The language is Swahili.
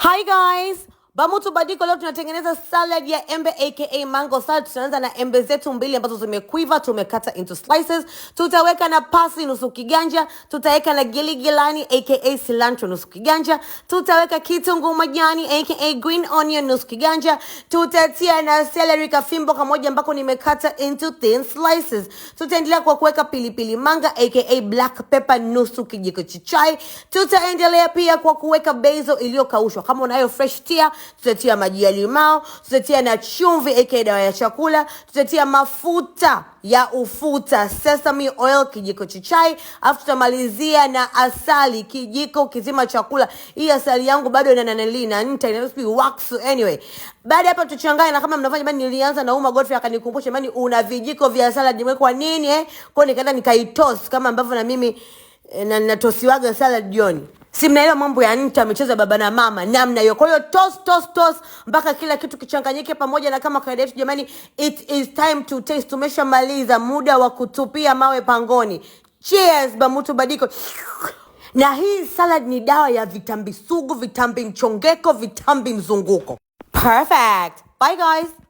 Hi guys Bamutu Badiko, leo tunatengeneza salad ya embe aka mango salad. Tunaanza na embe zetu mbili ambazo zimekuiva, tumekata into slices. Tutaweka na parsley nusu kiganja, tutaweka na giligilani aka cilantro nusu kiganja, tutaweka kitunguu majani aka green onion nusu kiganja, tutatia na celery kafimbo kamoja ambako nimekata into thin slices. Tutaendelea kwa kuweka pilipili manga aka black pepper nusu kijiko cha chai. Tutaendelea pia kwa kuweka basil iliyokaushwa, kama unayo fresh tea tutatia maji ya limao, tutatia na chumvi aka dawa ya chakula, tutatia mafuta ya ufuta sesame oil kijiko cha chai, afu tutamalizia na asali kijiko kizima chakula. Hii asali yangu bado ina nanili na nta ina wax anyway. Baada hapa tuchanganye, na kama mnafanya bani, nilianza na uma Godfrey akanikumbusha, bani una vijiko vya salad nimekuwa nini eh, kwa nikaenda nikaitos kama ambavyo na mimi eh, na natosiwaga salad jioni si mnaelewa mambo ya nta, michezo ya baba na mama, namna hiyo. Kwa hiyo tos tos tos mpaka kila kitu kichanganyike pamoja, na kama kawaida yetu jamani, it is time to taste. Tumeshamaliza muda wa kutupia mawe pangoni. Cheers bamutu badiko na hii salad ni dawa ya vitambi sugu, vitambi mchongeko, vitambi mzunguko. Perfect. Bye guys.